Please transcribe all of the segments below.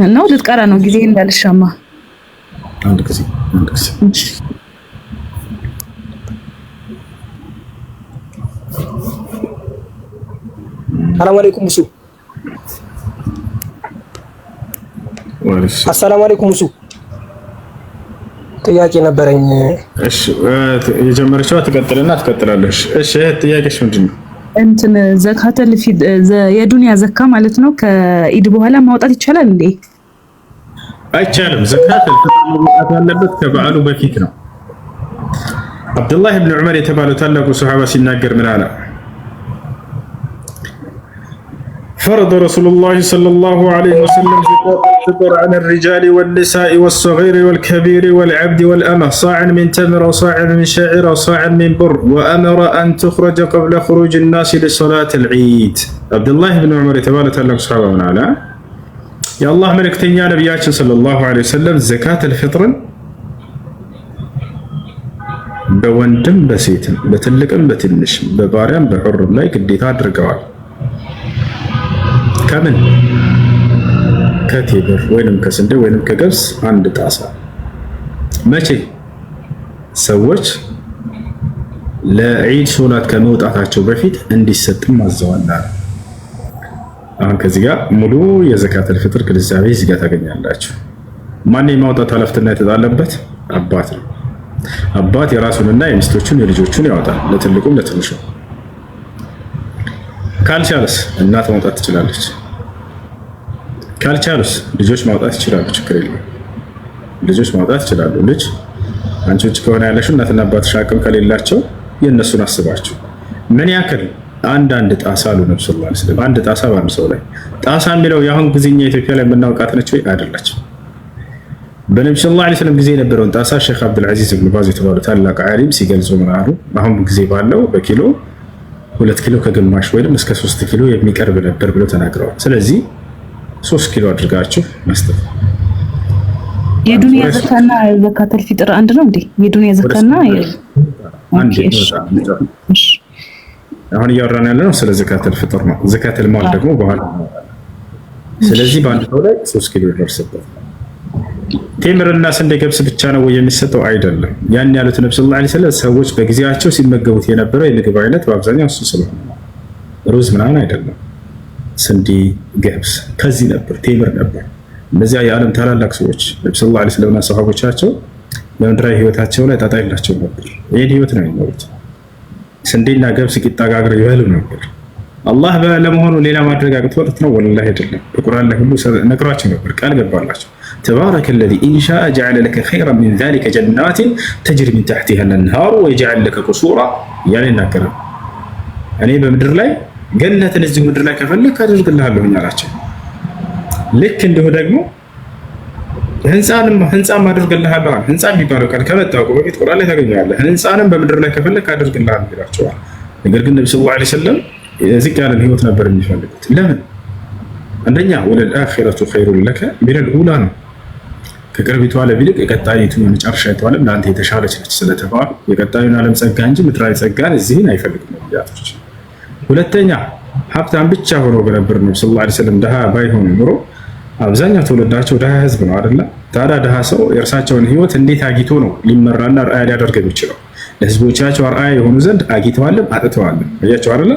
ነው ልትቀራ ነው ጊዜ እንዳልሻማ አንድ ጊዜ አንድ ጊዜ ሰላም አለይኩም ሙሱ አሰላሙ አለይኩም ሙሱ ጥያቄ ነበረኝ እሺ የጀመረችዋ ትቀጥልና ትቀጥላለሽ እሺ ጥያቄሽ ምንድን ነው እንትን ዘካተል የዱንያ ዘካ ማለት ነው። ከኢድ በኋላ ማውጣት ይቻላል እንዴ? አይቻልም። ዘካተል ማውጣት ያለበት ከበዓሉ በፊት ነው። አብዱላህ ብን ዑመር የተባለው ታላቁ ሰሃባ ሲናገር ምን አለ? ፈረደ ረሱሉላህ ሰለላሁ ዐለይሂ ወሰለም الفطر عن الرجال والنساء والصغير والكبير والعبد والأمة صاع من تمر وصاع من شعير وصاع من بر وأمر أن تخرج قبل خروج الناس لصلاة العيد عبد الله بن عمر تبارك الله سبحانه وتعالى يا الله ملك تنيا نبياتي صلى الله عليه وسلم زكاة الفطر بوندم بسيتم بتلقم بتنشم بباريم بحر لا يكدي تادر كمن ከቴምር ወይንም ከስንዴ ወይንም ከገብስ አንድ ጣሳ። መቼ ሰዎች ለዒድ ሶላት ከመውጣታቸው በፊት እንዲሰጥም አዘዋል። አሁን ከዚህ ጋር ሙሉ የዘካተል ፍጥር ግንዛቤ እዚህ ጋር ታገኛላችሁ። ማን የማውጣት ኃላፊነት የተጣለበት አባት ነው። አባት የራሱንና የሚስቶቹን የልጆቹን ያወጣል፣ ለትልቁም ለትንሹ ካልቻለስ እናት ማውጣት ትችላለች። ካልቻሉስ ልጆች ማውጣት ይችላሉ። ችግር የለም። ልጆች ማውጣት ይችላሉ። ልጅ አንቺ ውጭ ከሆነ ያለሽው እናትና አባትሽ አቅም ከሌላቸው የእነሱን አስባችሁ ምን ያክል አንድ አንድ ጣሳ አሉ ነብስ ላ ስለም አንድ ጣሳ በአንድ ሰው ላይ ጣሳ የሚለው የአሁን ጊዜኛ ኢትዮጵያ ላይ የምናውቃት ነች ወይ? አይደላቸው። በነቢ ስ ላ ስለም ጊዜ የነበረውን ጣሳ ሼክ አብዱልዓዚዝ ብን ባዝ የተባሉ ታላቅ ዓሊም ሲገልጹ ምን አሉ? አሁን ጊዜ ባለው በኪሎ ሁለት ኪሎ ከግማሽ ወይም እስከ ሶስት ኪሎ የሚቀርብ ነበር ብሎ ተናግረዋል። ስለዚህ ሶስት ኪሎ አድርጋችሁ መስጠት። የዱንያ ዘካና ዘካተል ፊጥር አንድ ነው እንዴ? የዱንያ ዘካና አሁን እያወራን ያለ ነው ስለ ዘካተል ፍጥር ነው። ዘካተል ማል ደግሞ በኋላ ስለዚህ በአንድ ሰው ላይ ሶስት ኪሎ ይደርስበት። ቴምርና ስንዴ ገብስ ብቻ ነው የሚሰጠው አይደለም። ያን ያሉት ነብስ ላ ስለ ሰዎች በጊዜያቸው ሲመገቡት የነበረው የምግብ አይነት በአብዛኛው እሱ ስለሆነ ሩዝ ምናምን አይደለም። ስንዴ፣ ገብስ ከዚህ ነበር ቴምር ነበር። እነዚያ የዓለም ታላላቅ ሰዎች ነቢ ስ ላ ስለምና ሰሃቦቻቸው በምድራዊ ህይወታቸው ላይ ጣጣ የላቸው ነበር። ይህን ህይወት ነው የሚኖሩት። ስንዴና ገብስ ቂጣ ጋግረው ይበሉ ነበር። አላህ ለመሆኑ ሌላ ማድረግ አቅቶት ነው? ወላሂ አይደለም። በቁርአን ላይ ሁሉ ነግሯቸው ነበር፣ ቃል ገባላቸው። ተባረከ ለዚ ኢንሻ ጀዐለ ለከ ኸይረን ሚን ዛሊከ ጀናቲን ተጅሪ ሚን ተሕቲሃ ለአንሃሩ ወየጅዐል ለከ ቁሱራ እያለ ይናገራል። እኔ በምድር ላይ ገነትን እዚህ ምድር ላይ ከፈለግ አደርግልሃለሁኝ አላቸው። ልክ እንዲሁ ደግሞ ህንፃንም ህንፃም አደርግልሃለሁ። ህንፃ የሚባለው ቃል ከመጣ በፊት ቁርአን ላይ ታገኘዋለህ። ህንፃንም በምድር ላይ ከፈለግ አደርግልሃለሁ ይላቸዋል። ነገር ግን ነቢ ሰለላሁ ዐለይሂ ወሰለም ዝቅ ያለን ህይወት ነበር የሚፈልጉት። ለምን? አንደኛ ወለልአኺረቱ ኸይሩን ለከ ሚነል ኡላ ነው። ከቅርቢቱ ዓለም ይልቅ የቀጣይቱ የመጨረሻ ዓለም ለአንተ የተሻለች ነች ስለተባሉ የቀጣዩን ዓለም ጸጋ እንጂ ምድራዊ ጸጋን እዚህን አይፈልግም ያቶች ሁለተኛ ሀብታም ብቻ ሆኖ በነበር ነው ሰለላሁ ዐለይሂ ወሰለም ድሃ ባይሆን ኑሮ አብዛኛው ትውልዳቸው ድሃ ህዝብ ነው አይደለ? ታዲያ ድሃ ሰው የእርሳቸውን ህይወት እንዴት አጊቶ ነው ሊመራና ርአያ ሊያደርግ የሚችለው? ለህዝቦቻቸው አርአያ የሆኑ ዘንድ አጊተዋልም አጥተዋልም። አያቸው አይደለ?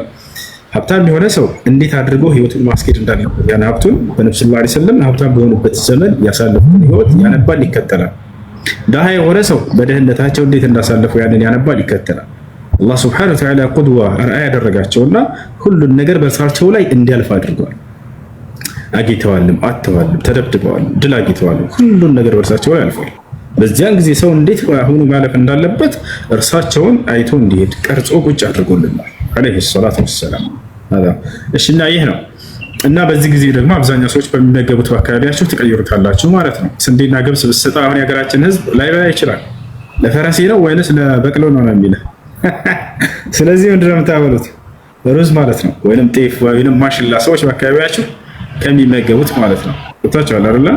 ሀብታም የሆነ ሰው እንዴት አድርጎ ህይወቱን ማስኬድ እንዳለ ያን ሀብቱን በነብዩ ሰለላሁ ዐለይሂ ሀብታም በሆኑበት ዘመን ያሳለፉትን ህይወት ያነባል ይከተላል። ድሃ የሆነ ሰው በደህንነታቸው እንዴት እንዳሳለፉ ያንን ያነባል ይከተላል። አላህ ስብሐነ ወተዓላ ቁድዋ ርአያ ያደረጋቸውና ሁሉን ነገር በእርሳቸው ላይ እንዲያልፍ አድርገዋል። አግኝተዋልም፣ አተዋልም፣ ተደብድበዋልም፣ ድል አግኝተዋልም። ሁሉን ነገር በእርሳቸው ላይ አልፏል። በዚያን ጊዜ ሰው እንዴት አሁኑ ማለፍ እንዳለበት እርሳቸውን አይቶ እንዲሄድ ቀርጾ ቁጭ አድርጎልናል ዓለይሂ ሰላቱ ወሰላም። እሽና ይህ ነው እና በዚህ ጊዜ ደግሞ አብዛኛው ሰዎች በሚመገቡት በአካባቢያቸው ትቀይሩታላችሁ ማለት ነው። ስንዴና ገብስ ብትሰጥ አሁን የሀገራችን ህዝብ ላይ በላ ይችላል። ለፈረሴ ነው ወይንስ ለበቅሎ ነው ነው የሚልህ ስለዚህ ምንድን ነው የምታበሉት? ሩዝ ማለት ነው፣ ወይም ጤፍ ወይም ማሽላ ሰዎች በአካባቢያቸው ከሚመገቡት ማለት ነው። ቁታቸዋል አይደለ?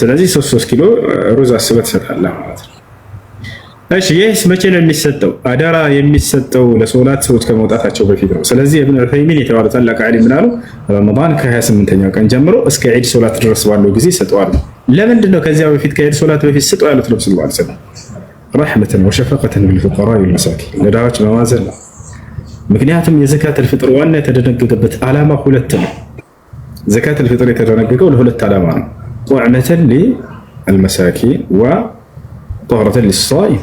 ስለዚህ ሶስት ሶስት ኪሎ ሩዝ አስበህ ትሰጣለህ ማለት ነው። እሺ ይህስ መቼ ነው የሚሰጠው? አደራ የሚሰጠው ለሶላት ሰዎች ከመውጣታቸው በፊት ነው። ስለዚህ ኢብኑ ዑሰይሚን የተባለ ታላቅ ዓሊም ምን አሉ? ረመዳን ከ28ኛው ቀን ጀምሮ እስከ ዒድ ሶላት ድረስ ባለው ጊዜ ይሰጠዋል። ለምንድን ነው ከዚያ በፊት ከዒድ ሶላት በፊት ስጡ ያሉት? ረሕመትን ወሸፈቀትን ልልፉቀራ ወልመሳኪን ለድሃዎች መማዘን ነው። ምክንያቱም የዘካት ልፍጥር ዋና የተደነገገበት ዓላማ ሁለት ነው። ዘካት ልፍጥር የተደነገገው ለሁለት ዓላማ ነው። ጦዕመተን ልአልመሳኪን ወጦህረተን ልሳኢም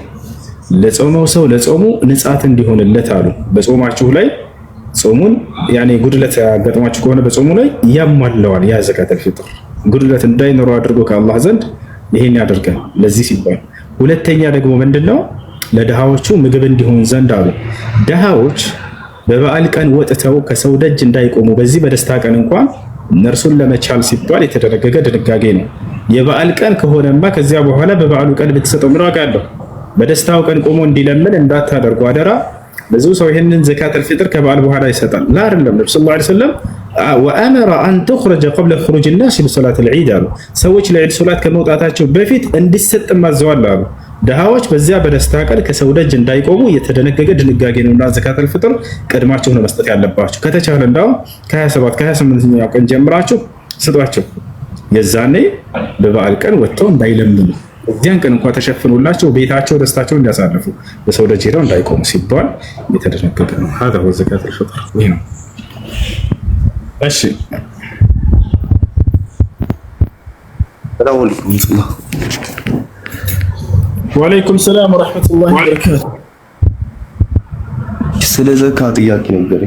ለጾመው ሰው ለጾሙ ንጻት እንዲሆንለት አሉ። በጾማችሁ ላይ ጾሙን ያኔ ጉድለት ያጋጥሟችሁ ከሆነ በጾሙ ላይ ያሟለዋል። ያ ዘካት ልፍጥር ጉድለት እንዳይኖረው አድርጎ ከአላህ ዘንድ ይሄን ያደርጋል። ለዚህ ሲባል ሁለተኛ ደግሞ ምንድን ነው ለድሃዎቹ ምግብ እንዲሆን ዘንድ አሉ። ድሃዎች በበዓል ቀን ወጥተው ከሰው ደጅ እንዳይቆሙ በዚህ በደስታ ቀን እንኳን እነርሱን ለመቻል ሲባል የተደነገገ ድንጋጌ ነው። የበዓል ቀን ከሆነማ ከዚያ በኋላ በበዓሉ ቀን ብትሰጠው ምን ዋጋ አለው? በደስታው ቀን ቆሞ እንዲለምን እንዳታደርጉ አደራ። ብዙ ሰው ይህንን ዘካተል ፊጥር ከበዓል በኋላ ይሰጣል። ላ አይደለም ነብዩ ሰለላሁ ዐለይሂ ወሰለም ወአመረ አን ትኽረጀ ቀብለ ኹሩጅ ናስ ሊሶላት ልዒድ አሉ። ሰዎች ለዒድ ሶላት ከመውጣታቸው በፊት እንዲሰጥ ማዘዋል አሉ። ድሃዎች በዚያ በደስታ ቀን ከሰው ደጅ እንዳይቆሙ የተደነገገ ድንጋጌ ነውና ዘካተል ፊጥር ቀድማችሁ ነው መስጠት ያለባችሁ። ከተቻለ እንዳውም ከ27 ከ28ኛው ቀን ጀምራችሁ ስጧቸው። የዛኔ በበዓል ቀን ወጥተው እንዳይለምኑ እዚያን ቀን እንኳ ተሸፍኖላቸው ቤታቸው ደስታቸው እንዲያሳልፉ በሰው ደጅ ሄደው እንዳይቆሙ ሲባል የተደነገገ ነው። ሀ ዘካት ልፈጥር ይህ ነው። እሺ ወአለይኩም ሰላም ወረሕመቱላሂ ወበረካቱ። ስለ ዘካ ጥያቄ ነበር።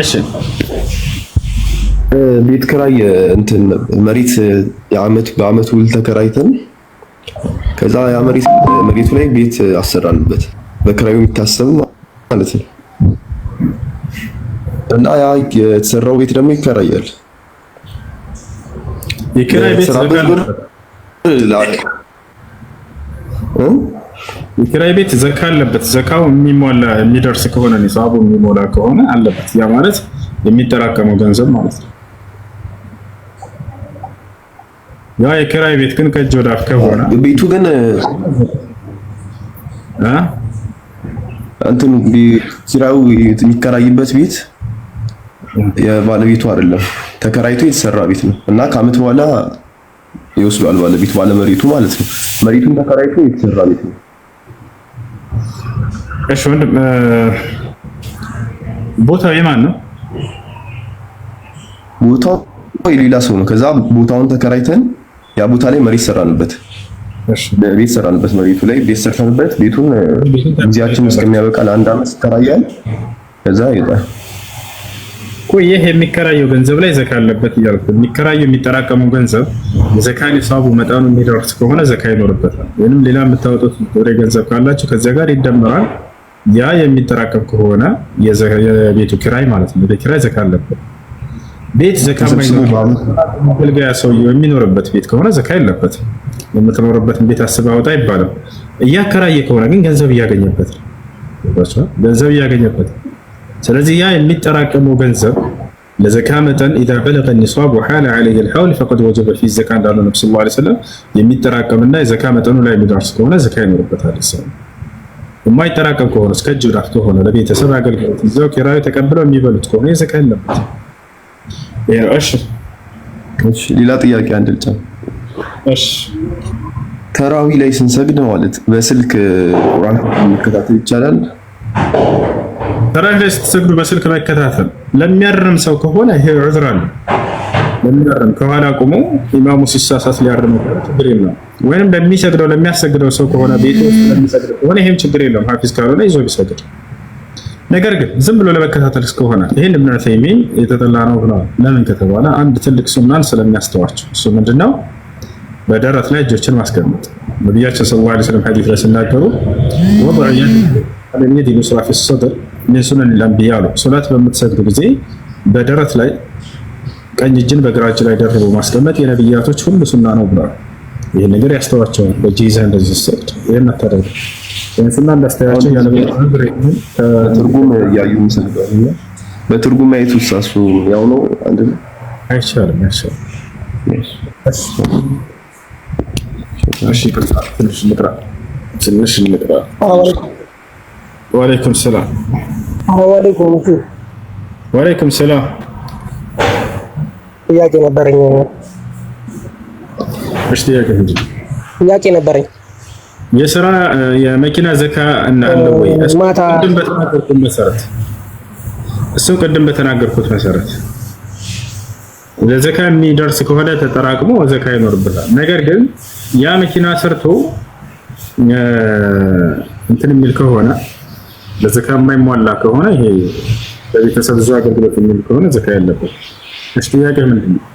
እሺ ቤት ክራይ እንትን መሬት የዓመት በዓመት ውል ተከራይተን ከዛ ያ መሬት መሬቱ ላይ ቤት አሰራንበት በክራዩ የሚታሰብ ማለት ነው። እና ያ የተሰራው ቤት ደግሞ ይከራያል። የክራይ ቤት የኪራይ ቤት ዘካ አለበት። ዘካው የሚሞላ የሚደርስ ከሆነ ኒሳቡ የሚሞላ ከሆነ አለበት። ያ ማለት የሚጠራቀመው ገንዘብ ማለት ነው። ያ የኪራይ ቤት ግን ከእጅ ወደ አፍ ከሆነ ቤቱ ግን አ እንትን ኪራዩ የሚከራይበት ቤት የባለቤቱ አይደለም፣ ተከራይቶ የተሰራ ቤት ነው እና ከዓመት በኋላ ይወስዷል። ባለቤት ባለመሬቱ ማለት ነው። መሬቱን ተከራይቶ የተሰራ ቤት ነው። እሺ ወንድም፣ ቦታው የማን ነው? ቦታው የሌላ ሰው ነው። ከዛ ቦታውን ተከራይተን ያ ቦታ ላይ መሬት ሰራንበት፣ ቤት ሰራንበት፣ መሬቱ ላይ ቤት ሰራንበት። ቤቱን ጊዜያችን እስከሚያበቃ ለአንድ አመት ይከራያል። ከዛ ይወጣል። ይህ የሚከራየው ገንዘብ ላይ ዘካ አለበት እያልኩ የሚከራየው የሚጠራቀሙ ገንዘብ ዘካ ኒሳቡ መጠኑ የሚደርስ ከሆነ ዘካ ይኖርበታል። ወይም ሌላ የምታወጡት ወደ ገንዘብ ካላችሁ ከዚያ ጋር ይደምራል ያ የሚጠራቀም ከሆነ የቤቱ ኪራይ ማለት ነው። ቤት ኪራይ ዘካ አለበት። ቤት ዘካ ማገልገያ ሰውየው የሚኖርበት ቤት ከሆነ ዘካ የለበትም። የምትኖርበትን ቤት አስበህ አውጣ ይባላል። እያከራየ ከሆነ ግን ገንዘብ እያገኘበት ገንዘብ እያገኘበት። ስለዚህ ያ የሚጠራቀመው ገንዘብ ለዘካ መጠን ኢዛ በለቀ ኒሷብ ወሓለ ዓለይሂ ልሐውል ፈቀድ ወጀበ ፊ ዘካ እንዳሉ ነቢ ስ ላ ስለም የሚጠራቀምና የዘካ መጠኑ ላይ የሚደርስ ከሆነ ዘካ ይኖርበታል። ሰው የማይጠራቀም ከሆነ እስከ እጅ ዳፍ ከሆነ ለቤተሰብ አገልግሎት እዚያው ኪራዩ ተቀብለው የሚበሉት ከሆነ የዘካ የለበትም። እሺ ሌላ ጥያቄ አንድ ልጫ። እሺ ተራዊ ላይ ስንሰግድ ማለት በስልክ ቁርአን መከታተል ይቻላል? ተራዊ ላይ ስትሰግዱ በስልክ መከታተል ለሚያርም ሰው ከሆነ ይሄ ዑዝር አለ። ለሚያርም ከኋላ ቆሞ ኢማሙ ሲሳሳት ሊያርም ችግር የለውም። ወይንም ለሚሰግደው ለሚያሰግደው ሰው ከሆነ ቤት ውስጥ ለሚሰግደው ከሆነ ይሄም ችግር የለውም። ሐፊዝ ካልሆነ ይዞ ቢሰግድ ነገር ግን ዝም ብሎ ለመከታተል እስከሆነ ይህን ኢብኑ ዑሰይሚን የተጠላ ነው ብለዋል። ለምን ከተባለ አንድ ትልቅ ሱናን ስለሚያስተዋቸው እሱ ምንድን ነው? በደረት ላይ እጆችን ማስቀመጥ ነቢያችን ሰለላሁ ዐለይሂ ወሰለም ሐዲስ ላይ ሲናገሩ ወضع يد اليمين اليسرى في الصدر من سنن አሉ። ሶላት በምትሰግዱ ጊዜ በደረት ላይ ቀኝ እጅን በግራ እጅ ላይ ደርቦ ማስቀመጥ የነቢያቶች ሁሉ ሱና ነው ብለዋል። ይህን ነገር ያስተዋቸዋል። በጂዛ እንደዚህ ሰግድ ይህን አታደርጉ ስና እንዳስተያቸው ትርጉም እያዩ በትርጉም ማየት ውስጥ እሱ ያው ነው። አንድ ነው አይቻልም። አይቻልም። ወአለይኩም ሰላም፣ ወአለይኩም ሰላም። ጥያቄ ነበረኝ። እሺ ጥያቄ ነበረኝ የስራ የመኪና ዘካ እናለው ወይ? ቅድም በተናገርኩት መሰረት እሱ ቅድም በተናገርኩት መሰረት ለዘካ የሚደርስ ከሆነ ተጠራቅሞ ዘካ ይኖርበታል። ነገር ግን ያ መኪና ሰርቶ እንትን የሚል ከሆነ ለዘካ የማይሟላ ከሆነ ይሄ ለቤተሰብ ብዙ አገልግሎት የሚል ከሆነ ዘካ ያለበት። እሺ ጥያቄ ምንድን ነው?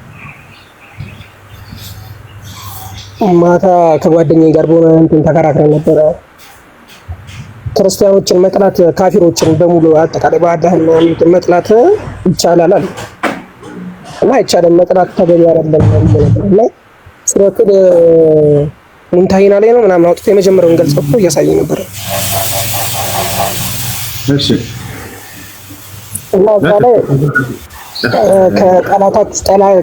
ማታ ከጓደኛዬ ጋር በሆነ እንትን ተከራክረን ነበረ። ክርስቲያኖችን መጥላት ካፊሮችን በሙሉ አጠቃላይ ባዳህና እንትን መጥላት ይቻላል አለ እና አይቻልም፣ መጥላት ተገቢ አይደለም እና ሱረቱል ሙምታሂና ላይ ነው ምናምን አውጥቶ የመጀመሪያውን ገልጽ እኮ እያሳየ ነበረ። እሺ እና እዛ ላይ ከጠላታችሁ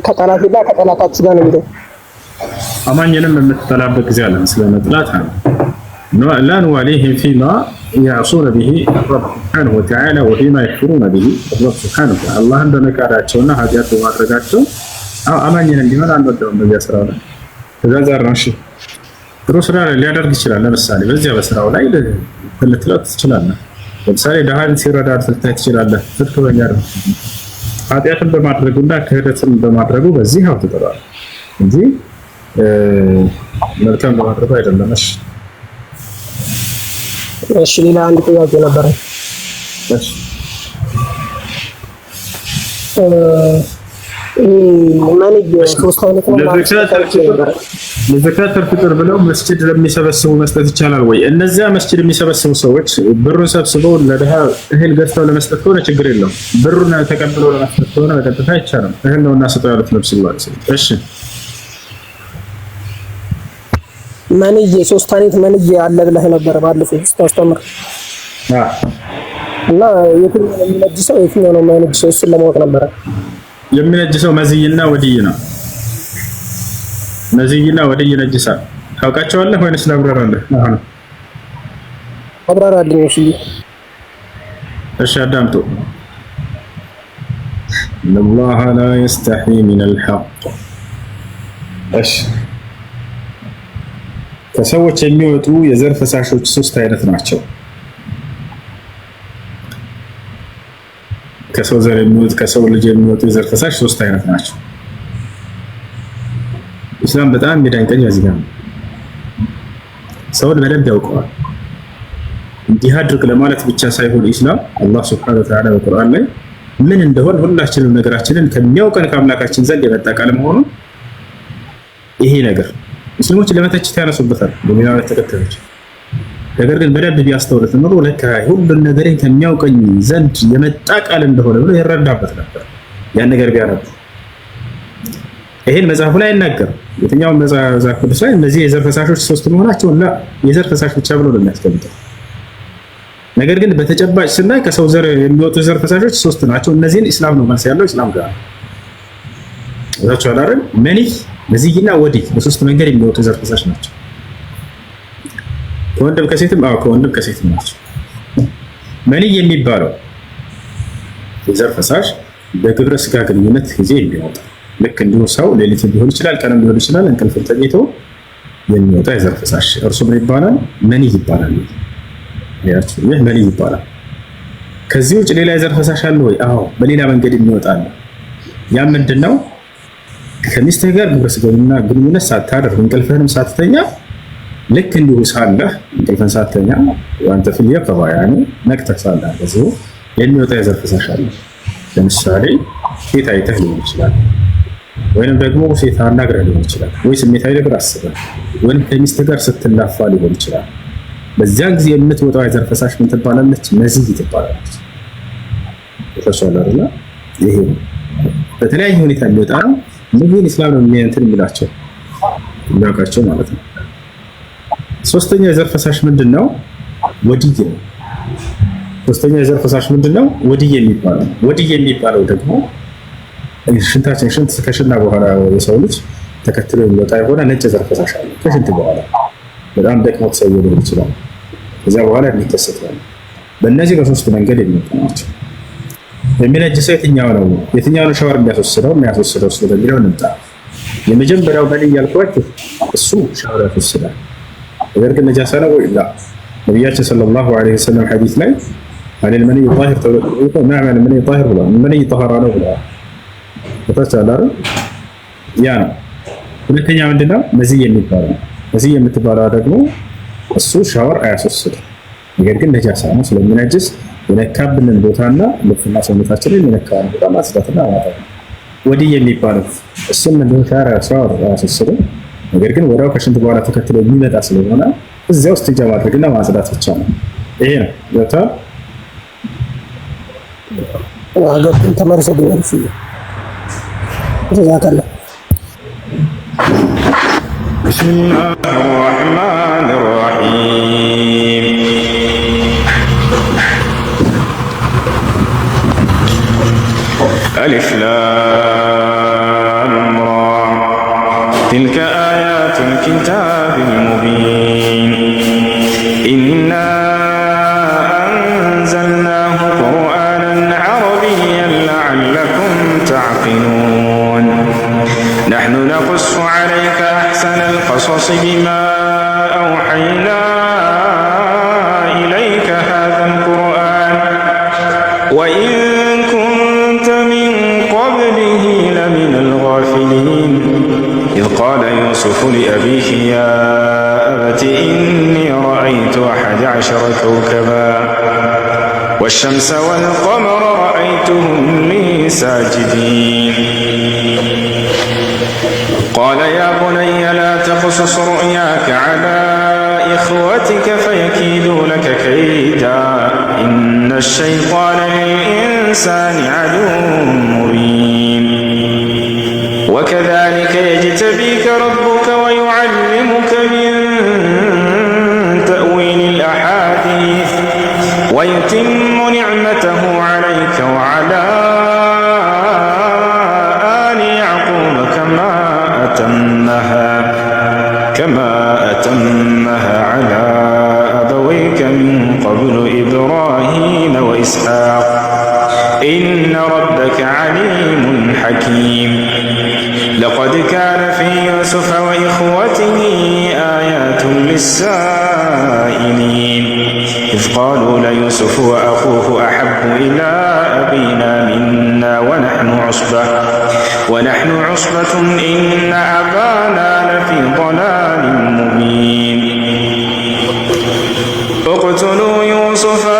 ከጠላታችሁ ጋር ነው የሚለው አማኝንም የምትጠላበት ጊዜ አለ። ስለመጥላት አለ ላ ንዋሊህም ፊማ ያዕሱነ ብሂ ረብ ስብሓነሁ ወተዓላ ወፊማ የክፍሩነ ብሂ ረብ ስብሓነሁ አላህን በመቃዳቸውና ኃጢአት በማድረጋቸው አማኝንም ቢሆን አንወደውም። በዚያ ስራው ላይ ተዛዛር ነው። እሺ ጥሩ ስራ ሊያደርግ ይችላል። ለምሳሌ በዚያ በስራው ላይ ልትለው ትችላለህ። ለምሳሌ ድሃን ሲረዳ ልታይ ትችላለህ። ፍትክ በኛ ኃጢአትን በማድረጉና ክህደትን በማድረጉ በዚህ አውትጠራል እንጂ መልካም በማድረጉ አይደለም። እሺ እሺ፣ ሌላ አንድ ጥያቄ ነበረ። እሺ ፍጥር ብለው መስጂድ ለሚሰበስቡ መስጠት ይቻላል ወይ? እነዚያ መስጂድ የሚሰበስቡ ሰዎች ብሩን ሰብስበው ለድሃ እህል ገዝተው ለመስጠት ከሆነ ችግር የለውም። ብሩን ተቀብለው ለመስጠት ከሆነ በቀጥታ አይቻልም። እህል ነውና ስጠው ያሉት ነብስ ላ እሺ መንዬ ሶስት አይነት መንዬ አለ ብለህ ነበረ ባለፈው ስታስተምር እና የትኛው ነው የሚነጅሰው የትኛው ነው የማይነጅሰው እሱን ለማወቅ ነበረ። የሚነጅሰው መዝይና ወድይ ነው። መዝይና ወድይ ነጅሳል። ታውቃቸዋለህ ወይንስ ላብራራለህ? አሁን አብራራልኝ። እሺ እሺ፣ አዳምጡ ኢነላሃ ላ የስተሒ ሚነል ሐቅ እሺ ከሰዎች የሚወጡ የዘር ፈሳሾች ሶስት አይነት ናቸው። ከሰው ዘር የሚወጡ ከሰው ልጅ የሚወጡ የዘር ፈሳሽ ሶስት አይነት ናቸው። ኢስላም በጣም የሚዳኝቀኝ በዚህ ጋር ነው። ሰውን በደንብ ያውቀዋል። እንዲህ አድርግ ለማለት ብቻ ሳይሆን ኢስላም አላህ ስብሐነሁ ወተዓላ በቁርአን ላይ ምን እንደሆን ሁላችንም ነገራችንን ከሚያውቀን ከአምላካችን ዘንድ የመጣ ቃል መሆኑን ይሄ ነገር ሙስሊሞች ለመተችት ያነሱበታል በሚናነት ተከታዮች። ነገር ግን በደንብ ቢያስተውሉት ኖሮ ለካ ሁሉን ነገሬን ከሚያውቀኝ ዘንድ የመጣ ቃል እንደሆነ ብሎ ይረዳበት ነበር። ያን ነገር ቢያነቡ ይህን መጽሐፉ ላይ አይናገርም። የትኛውን መጽሐፍ ቅዱስ ላይ እነዚህ የዘር ፈሳሾች ሶስት መሆናቸውን የዘር ፈሳሽ ብቻ ብሎ ነው የሚያስቀምጠው። ነገር ግን በተጨባጭ ስናይ ከሰው ዘር የሚወጡ ዘር ፈሳሾች ሶስት ናቸው። እነዚህን ኢስላም ነው መልስ ያለው፣ ኢስላም ጋር ነው እዛቸው አላረን መኒህ በዚህና ወዲህ በሶስት መንገድ የሚወጡ ዘር ፈሳሽ ናቸው። ከወንድም ከሴትም፣ አዎ ከወንድም ከሴትም ናቸው። መኒህ የሚባለው የዘር ፈሳሽ በግብረ ስጋ ግንኙነት ጊዜ የሚወጣ ልክ እንዲሁ ሰው ሌሊት ሊሆን ይችላል፣ ቀንም ሊሆን ይችላል፣ እንቅልፍ ተኝቶ የሚወጣ የዘር ፈሳሽ እርሱ ምን ይባላል? መኒህ ይባላል። ይህ መኒህ ይባላል። ከዚህ ውጭ ሌላ የዘር ፈሳሽ አለ ወይ? አዎ በሌላ መንገድ የሚወጣ አለ። ያ ምንድን ነው? ከሚስትህ ጋር ግብረስጋዊና ግንኙነት ሳታደርግ እንቅልፍህንም ሳትተኛ ልክ እንዲሁ ሳለህ እንቅልፍህን ሳትተኛ አንተ ፍልየ የቀባ ያኔ ነቅተህ ሳለህ ከዚሁ የሚወጣ የዘር ፈሳሽ አለ። ለምሳሌ ሴት አይተህ ሊሆን ይችላል፣ ወይንም ደግሞ ሴት አናግረህ ሊሆን ይችላል፣ ወይ ስሜታዊ ነገር አስበህ ወይም ከሚስትህ ጋር ስትላፋ ሊሆን ይችላል። በዚያ ጊዜ የምትወጣው የዘር ፈሳሽ ምን ትባላለች? መዚህ ትባላለች። የተሻለ ይሄ ነው። በተለያየ ሁኔታ የሚወጣ ነው። ነቢዩል ኢስላም ነው የሚያንትን የሚላቸው የሚያውቃቸው ማለት ነው። ሶስተኛ የዘር ፈሳሽ ምንድን ነው? ወድይ ነው። ሶስተኛ የዘር ፈሳሽ ምንድን ነው? ወድይ የሚባለው ወድይ የሚባለው ደግሞ ሽንታችን ሽንት ከሽና በኋላ የሰው ልጅ ተከትሎ የሚወጣ የሆነ ነጭ የዘር ፈሳሽ አለ። ከሽንት በኋላ በጣም ደቅሞት ሰው ሊሆን ይችላል። ከዚያ በኋላ የሚከሰት በእነዚህ በሶስት መንገድ የሚወጡ ናቸው። የሚነጅሰው የትኛው ነው? የትኛው ነው ሻወር የሚያስወስደው የሚያስወስደው እሱ ለሚለው እንምጣ። የመጀመሪያው በል እያልኳችሁ እሱ ሻወር ያስወስዳል። ነገር ግን ነጃሳ ነው ወይ? ላ ነቢያችን ሰለላሁ ዐለይሂ ወሰለም ሐዲስ ላይ አለል መኒ ይጣህር ተብሎ ናዕመል መን ይጣህር ብለዋል። መን ይጣህራ ነው ብለዋል። ታቻላ ያ ነው። ሁለተኛ ምንድነው? መዚህ የሚባለው መዚህ የምትባለው ደግሞ እሱ ሻወር አያስወስድም። ነገር ግን ነጃሳ ነው ስለሚነጅስ የነካብንን ቦታና ልብስና ላይ የነካውን ቦታ ማጽዳትና ማታ ወዲህ የሚባሉት እሱም እንዲሁ ከራሷ አስስሉ። ነገር ግን ወዲያው ከሽንት በኋላ ተከትሎ የሚመጣ ስለሆነ እዚያ ውስጥ እጃ ማድረግና ማጽዳት ብቻ ነው። ይሄ ነው ገብታ ሀገርቱን ተመርሶ ቢመርስ بسم الله الرحمن الرحيم الإسلام تلك آيات الكتاب المبين إنا أنزلناه قرآنا عربيا لعلكم تعقلون نحن نقص عليك أحسن القصص بما والشمس والقمر رأيتهم لي ساجدين قال يا بني لا تقصص رؤياك على إخوتك فيكيدوا لك كيدا إن الشيطان للإنسان عدو مبين وكذلك يجتبيك ربك ويعلمك من تأويل الأحاديث ويتم نعمته عليك وعلى آل يعقوب كما أتمها كما أتمها على أبويك من قبل إبراهيم وإسحاق إن ربك عليم حكيم لقد كان في يوسف وإخوته آيات للسائل الخائنين إذ قالوا ليوسف وأخوه أحب إلى أبينا منا ونحن عصبة ونحن عصبة إن أبانا لفي ضلال مبين اقتلوا يوسف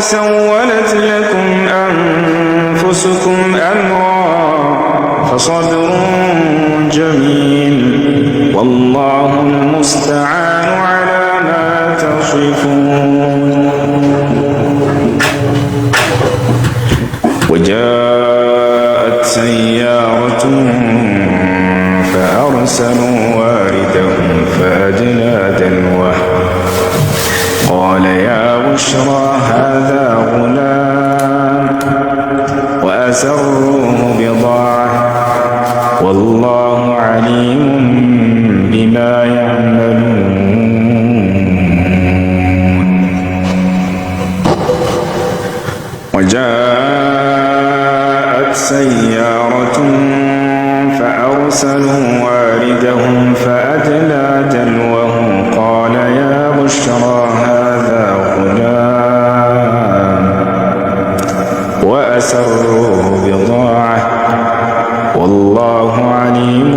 سولت لكم أنفسكم أمرا فصبر جميل والله المستعان على ما تصفون وجاءت سيارة فأرسلوا واردهم فأدلى دلوه قال يا بشرى هذا غلام وأسروه بضاعة والله عليم بما يعملون وجاءت سيارة فأرسلوا واردهم فأدلى دلوه قال يا بشرى وأسروه بضاعة والله عليم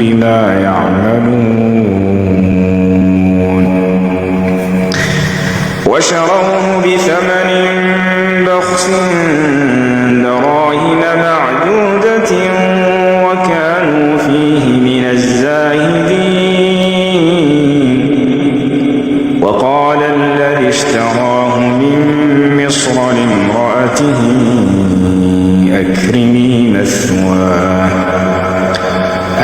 بما يعملون وشروه بثمن بخس دراهم معدودة وكانوا فيه من الزاهدين وقال الذي اشتراه من مصر لمن امرأته أكرمي مثواه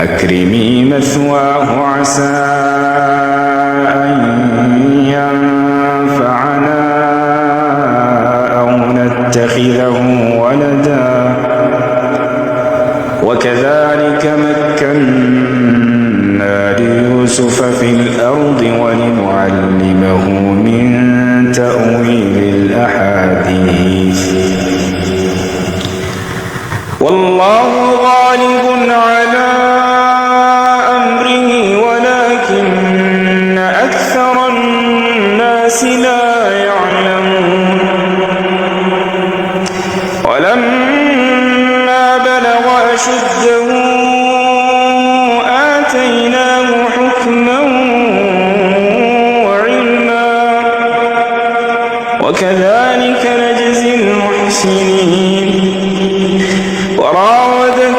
أكرمي مثواه عسى سنين وراودته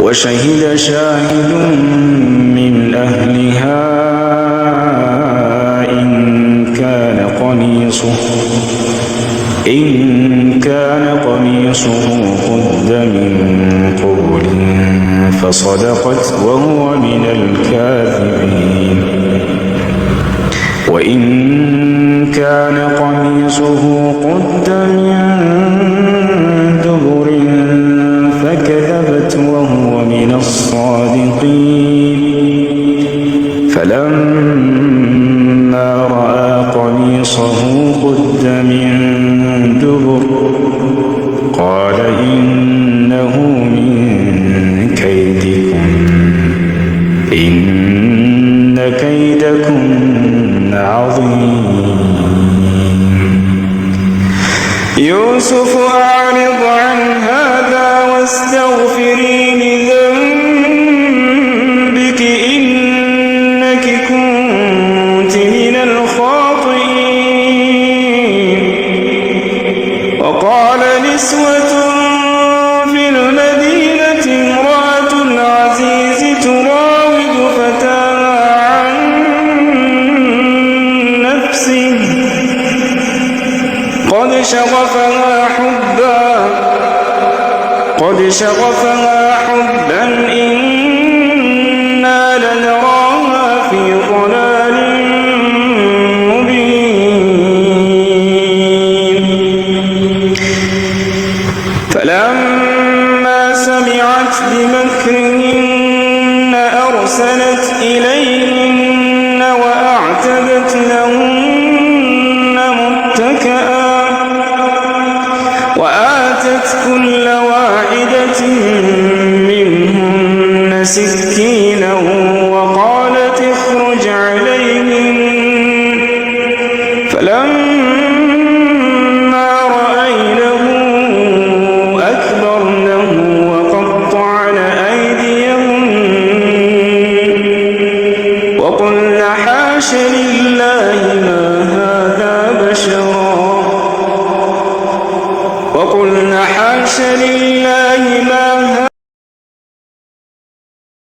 وشهد شاهد من أهلها إن كان قميصه إن كان قميصه قد من قبل فصدقت وهو من الكاذبين وإن كان قميصه قد من قيل فلما رأى قميصه قد من دبر قال إنه من كيدكم إن كيدكم عظيم يوسف أعرض عن هذا واستغفريني وشغفها حبا إنا لنراها في ضلال مبين فلما سمعت بمكرهن أرسلت إليهن وأعتدت لهن mercies